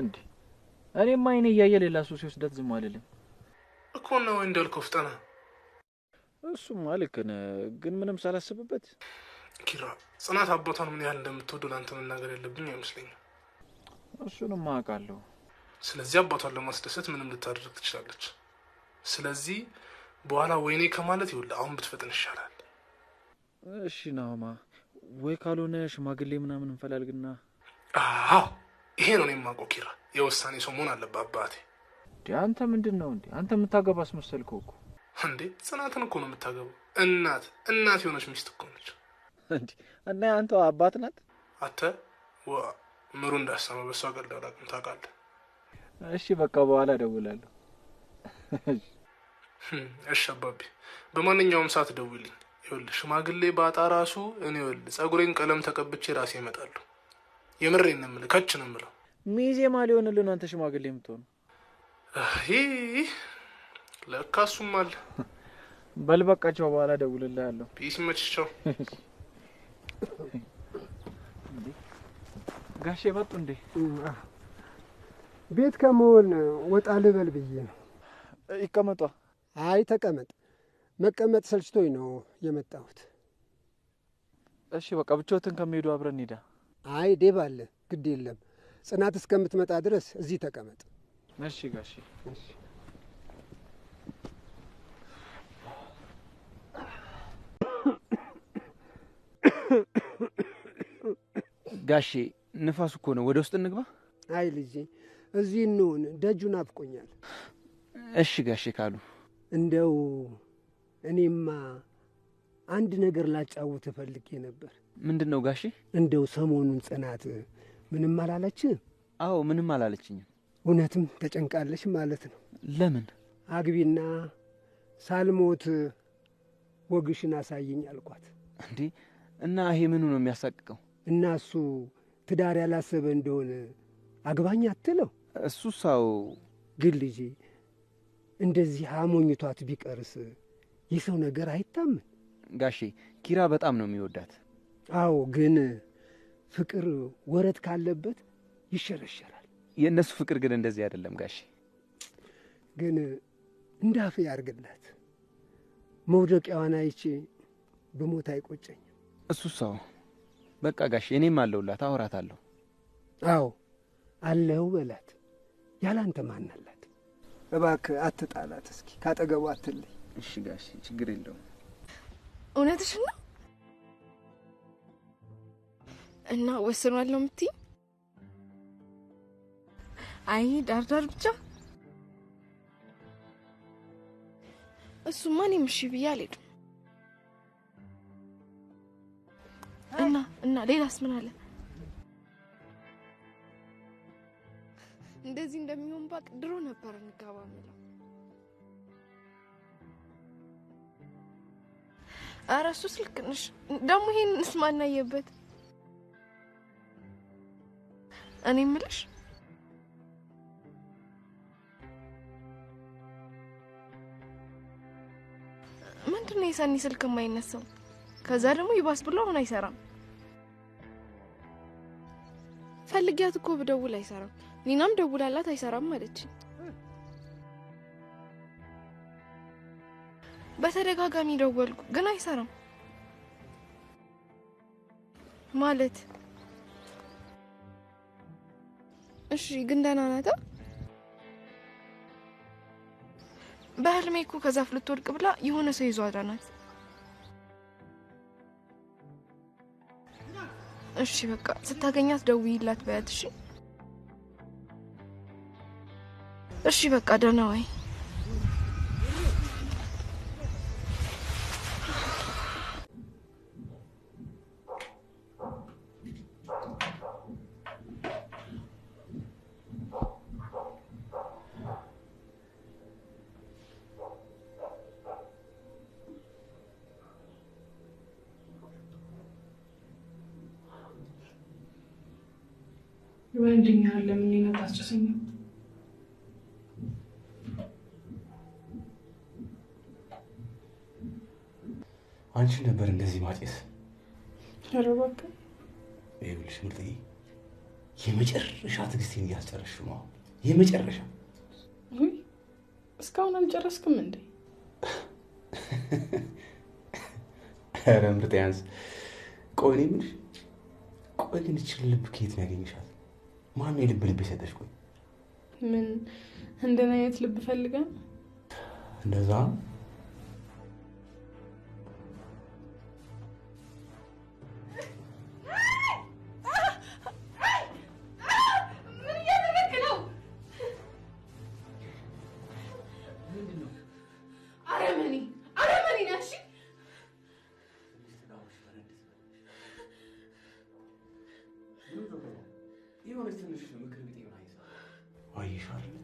እንዴ እኔም አይኔ እያየ ሌላ ሰው ሲወስዳት ዝም አልልም እኮ ነው እንዳልከው ፍጠና። እሱማ ልክ ነህ፣ ግን ምንም ሳላስብበት ኪራ፣ ጽናት አባቷን ምን ያህል እንደምትወደው ለአንተ መናገር ያለብኝ አይመስለኝም። እሱንም አውቃለሁ። ስለዚህ አባቷን ለማስደሰት ምንም ልታደርግ ትችላለች። ስለዚህ በኋላ ወይኔ ከማለት ይኸውልህ፣ አሁን ብትፈጥን ይሻላል። እሺ ናማ፣ ወይ ካልሆነ ሽማግሌ ምናምን እንፈላልግና። አዎ ይሄ ነው እኔ የማውቀው። ኪራ የውሳኔ ሰው መሆን አለብህ አባቴ። እንዴ አንተ ምንድን ነው እንዴ? አንተ የምታገባ አስመሰልከው እኮ እንዴ። ጽናትን እኮ ነው የምታገባው። እናት እናት የሆነች ሚስት እኮ ነች እንዲ እና አንተ አባት ናት አተ ምሩ እንዳሰማ በሷ ገድላ አላውቅም። ታውቃለህ? እሺ በቃ በኋላ እደውላለሁ። እሺ አባቢ፣ በማንኛውም ሰዓት ደውልኝ። ይኸውልህ ሽማግሌ ባጣ ራሱ እኔ ይኸውልህ ጸጉሬን ቀለም ተቀብቼ ራሴ እመጣለሁ። የምሬ ነው የምልህ፣ ከች ነው የምለው። ሚዜማ ሊሆንልን አንተ ሽማግሌ የምትሆኑ ይህ ለካ እሱም አለ። በል በቃቸው፣ በኋላ ደውልልህ አለሁ። ፒስ መችቸው። ጋሼ መጡ እንዴ? ቤት ከመሆን ወጣ ልበል ብዬ ነው። ይቀመጧ። አይ ተቀመጥ። መቀመጥ ሰልችቶኝ ነው የመጣሁት። እሺ በቃ ብቻዎትን ከሚሄዱ አብረን ሄዳ አይ ዴብ አለ ግድ የለም ጽናት እስከምትመጣ ድረስ እዚህ ተቀመጥ። እሺ ጋሺ። ጋሼ ንፋሱ እኮ ነው። ወደ ውስጥ እንግባ። አይ ልጄ እዚህ እንሆን፣ ደጁ ናፍቆኛል። እሺ ጋሺ ካሉ እንደው እኔማ አንድ ነገር ላጫውት እፈልጌ ነበር። ምንድን ነው እንደው ሰሞኑን ጽናት ምንም አላለች? አዎ ምንም አላለችኝም። እውነትም ተጨንቃለች ማለት ነው። ለምን? አግቢና ሳልሞት ወግሽን አሳይኝ አልኳት። እንዴ! እና ይሄ ምኑ ነው የሚያሳቅቀው? እና እሱ ትዳር ያላሰበ እንደሆነ አግባኝ አትለው። እሱ ሳው ግን ልጄ እንደዚህ አሞኝቷት ቢቀርስ የሰው ነገር አይታምን ጋሼ ኪራ በጣም ነው የሚወዳት። አዎ፣ ግን ፍቅር ወረት ካለበት ይሸረሸራል። የእነሱ ፍቅር ግን እንደዚህ አይደለም ጋሼ። ግን እንዳፍ ያርግላት። መውደቂያዋን አይቼ በሞት አይቆጨኝም። እሱ ሰው በቃ ጋሼ፣ እኔም አለሁላት፣ አወራታለሁ። አዎ አለው በላት። ያላንተ ማናላት? አላት? እባክህ አትጣላት፣ እስኪ ካጠገቡ አትለይ። እሺ ጋሼ፣ ችግር የለውም። እውነትሽን ነው እና ወስኗል ነው የምትይኝ? አይ ዳርዳር ብቻ እሱማ እኔም እሺ ብዬ አልሄድም። እና እና ሌላስ ምን አለ? እንደዚህ እንደሚሆን ባቅ ድሮ ነበር እንጋባ ምለው ኧረ ስልክ ነሽ። ደግሞ ይሄን እንስማ እናየበት። እኔ ምልሽ ምንድን ነው የሰኒ ስልክ የማይነሳው? ከዛ ደግሞ ይባስ ብሎ አሁን አይሰራም። ፈልጊያት እኮ ብደውል አይሰራም። ኒናም ደውላላት አይሰራም አለችኝ። በተደጋጋሚ ደወልኩ ግን አይሰራም። ማለት እሺ፣ ግን ደህና ናት። በህልሜ እኮ ከዛፍ ልትወድቅ ብላ የሆነ ሰው ይዞ አዳናት። እሺ በቃ ስታገኛት ደውዪላት በያት። እሺ፣ እሺ በቃ ደህና ወይ ወይ ለምን ይነት አንቺ ነበር እንደዚህ ማጤስ። ኧረ እባክህ ይኸውልሽ፣ ምርጥዬ የመጨረሻ ትዕግስቴን እያስጨረስሽ ነው። የመጨረሻ እስካሁን አልጨረስክም እንዴ? ኧረ ምርጥ ያንስ። ቆይ እኔ የምልሽ ቆይ ግን ይችል ልብ ከየት ነው ያገኘሻት? ማን የልብ ልብ የሰጠች? ቆይ ምን እንደን አይነት ልብ ፈልገን እንደዛ የሆነች ትንሽ ምክር ቢጤ ሆን አይሰ አየሽ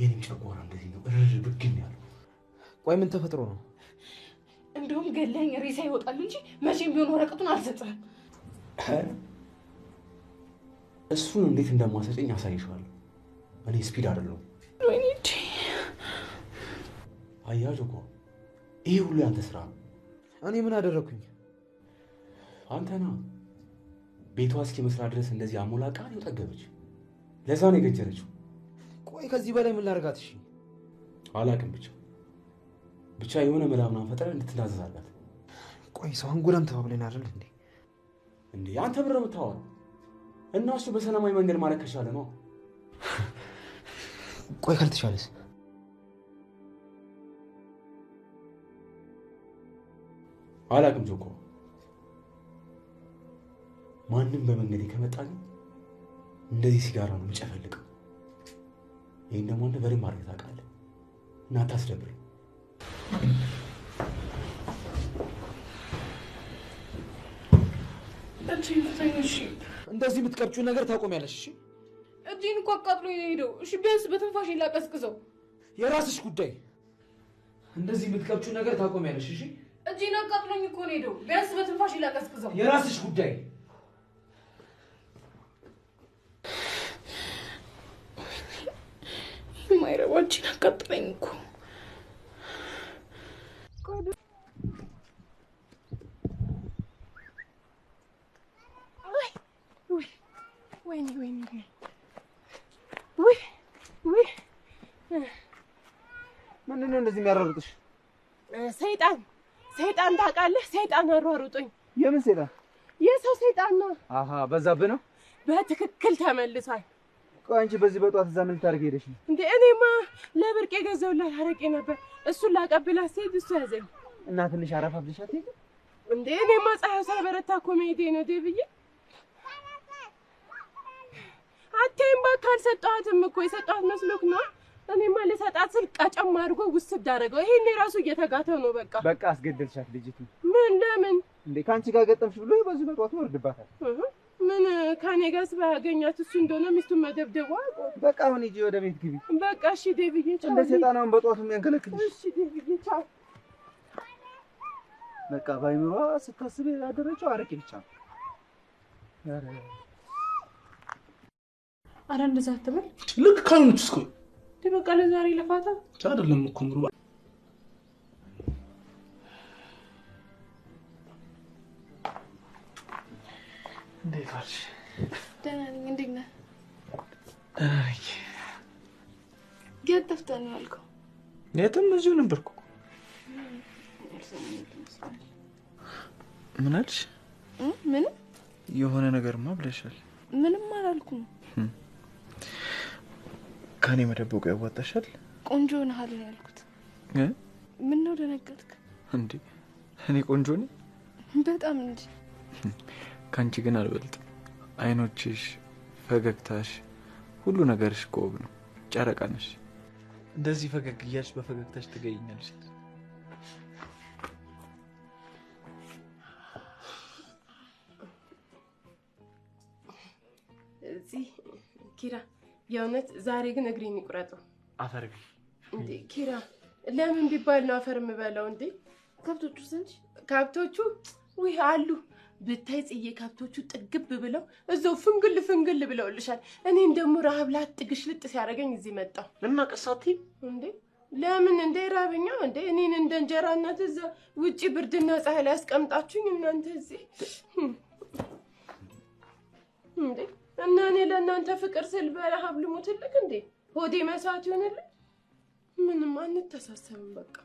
የኔም ጨጓራ እንደዚህ ነው እርር ብግን ያለው። ቆይ ምን ተፈጥሮ ነው? እንደውም ገለኝ ሬሳ ይወጣል እንጂ መቼም ቢሆን ወረቀቱን አልሰጠም። እሱን እንዴት እንደማሰጨኝ አሳይሻለሁ። እኔ ስፒድ አይደለሁም። አያጅ እኮ ይሄ ሁሉ ያንተ ስራ ነው። እኔ ምን አደረግኩኝ? አንተና ቤቷ እስኪመስላ ድረስ እንደዚህ አሞላ ቃል ጠገበች። ለዛ ነው የገጀረችው። ቆይ ከዚህ በላይ ምን ላርጋት? እሺ አላቅም። ብቻ ብቻ የሆነ መላምናም ፈጠረ እንድትናዘዛላት። ቆይ ሰው አንጎላም ተባብለን አይደል እንዴ? እንዴ አንተ ብር የምታወራው እና እሱ በሰላማዊ መንገድ ማለት ከቻለ ነው። ቆይ ካልተቻለስ? አላቅም ጆኮ ማንም በመንገዴ ከመጣ ግን እንደዚህ ሲጋራ ነው የምጨፈልቀው። ይህን ደግሞ አንተ በደንብ አድርገህ ታውቃለህ እና አታስደብር። እንደዚህ የምትቀርጩን ነገር ታቆሚያለሽ። እሺ እጅን እኮ አቃጥሎ የሄደው። እሺ ቢያንስ በትንፋሽ ላቀስቅዘው። የራስሽ ጉዳይ። እንደዚህ የምትቀርጩን ነገር ታቆሚያለሽ። እሺ እጅን አቃጥሎኝ እኮ ነው የሄደው። ቢያንስ በትንፋሽ ላቀስቅዘው። የራስሽ ጉዳይ። የማይረባች አቃጥለኝ እኮ ምንድን ነው እንደዚህ የሚያሯሩጥሽ? ሰይጣን ሰይጣን ታውቃለህ? ሰይጣን አሯሩጡኝ የምን ሰይጣን? የሰው ሰይጣን ነው። አሀ በዛብህ ነው። በትክክል ተመልሷል። አንቺ በዚህ በጧት እዛ ምን ልታደርጊ ሄደሽ ነው እንዴ? እኔማ ለብርቅ የገዛሁላት አረቄ ነበር። እሱን ላቀብላት ስሄድ እሱ ያዘኝ እና ትንሽ አረፋ ብልሻት ሄደ እንዴ? እኔማ ፀሐዩ ሳይበረታ እኮ መሄዴ ነው ዴ ብዬ አቴም እባክህ አልሰጠኋትም እኮ የሰጠኋት መስሎክ ነው። እኔማ ልሰጣት ስል ቀጨም አድርጎ ውስድ አደረገው። ይሄን የራሱ እየተጋተው ነው። በቃ በቃ አስገደልሻት ልጅቱ። ምን ለምን እንዴ? ከአንቺ ጋር ገጠምሽ ብሎ በዚህ በጧት ወርድባታል። ምን ከኔ ጋር ስላገኛት እሱ እንደሆነ ሚስቱን መደብደቡ በቃ አሁን ሂጂ ወደ ቤት ግቢ። በቃ እሺ ዴቪዬ፣ እንደ ሴጣን አሁን በጠዋቱ የሚያንከለክልሽ። እሺ ዴቪዬ፣ በቃ ባይምሯ ስታስብ ያደረችው አረቄ ብቻ ነው። አረ እንደዛ አትበል። ልክ ካልሆነች እስኮ በቃ ለዛሬ ለፋታ አይደለም እኮ ምሩ እንዴት ዋልሽ? ደህና ነኝ። እንዴት ነህ? የት ጠፍተህ ነው ያልከው? የትም እዚሁ ነበርኩ። ምን አልሽ? ምንም የሆነ ነገርማ ብለሻል። ምንም አላልኩም። ከኔ መደበቁ ያዋጣሻል። ቆንጆ ነሃል ነው ያልኩት። ምን ነው ደነገጥክ እንዴ? እኔ ቆንጆ ነኝ በጣም እንጂ፣ ከአንቺ ግን አልበልጥም። አይኖችሽ፣ ፈገግታሽ፣ ሁሉ ነገርሽ እኮ ውብ ነው። ጨረቃ ነሽ። እንደዚህ ፈገግ እያልሽ በፈገግታሽ ትገኛለሽ። እዚህ ኪራ፣ የእውነት ዛሬ ግን እግሬ የሚቆረጠው አፈር ግን እንዴ! ኪራ፣ ለምን ቢባል ነው አፈር የምበላው? እንዴ ከብቶቹ ስንት ከብቶቹ ውይ አሉ ብታይ ጽዬ ከብቶቹ ጥግብ ብለው እዛው ፍንግል ፍንግል ብለውልሻል። እኔን ደግሞ ረሀብ ላጥ ልጥ ሲያደርገኝ እዚህ መጣሁ እና ቀሳቲ እንዴ ለምን እንደ ራበኛ እንደ እኔን እንደ እንጀራ እናት እዛ ውጪ ብርድና ፀሐይ ላይ ያስቀምጣችሁኝ እናንተ እዚህ እንዴ እና እኔ ለእናንተ ፍቅር ስል በረሀብ ልሙትልቅ እንዴ ሆዴ መሳት ይሆንልኝ። ምንም አንተሳሰብም በቃ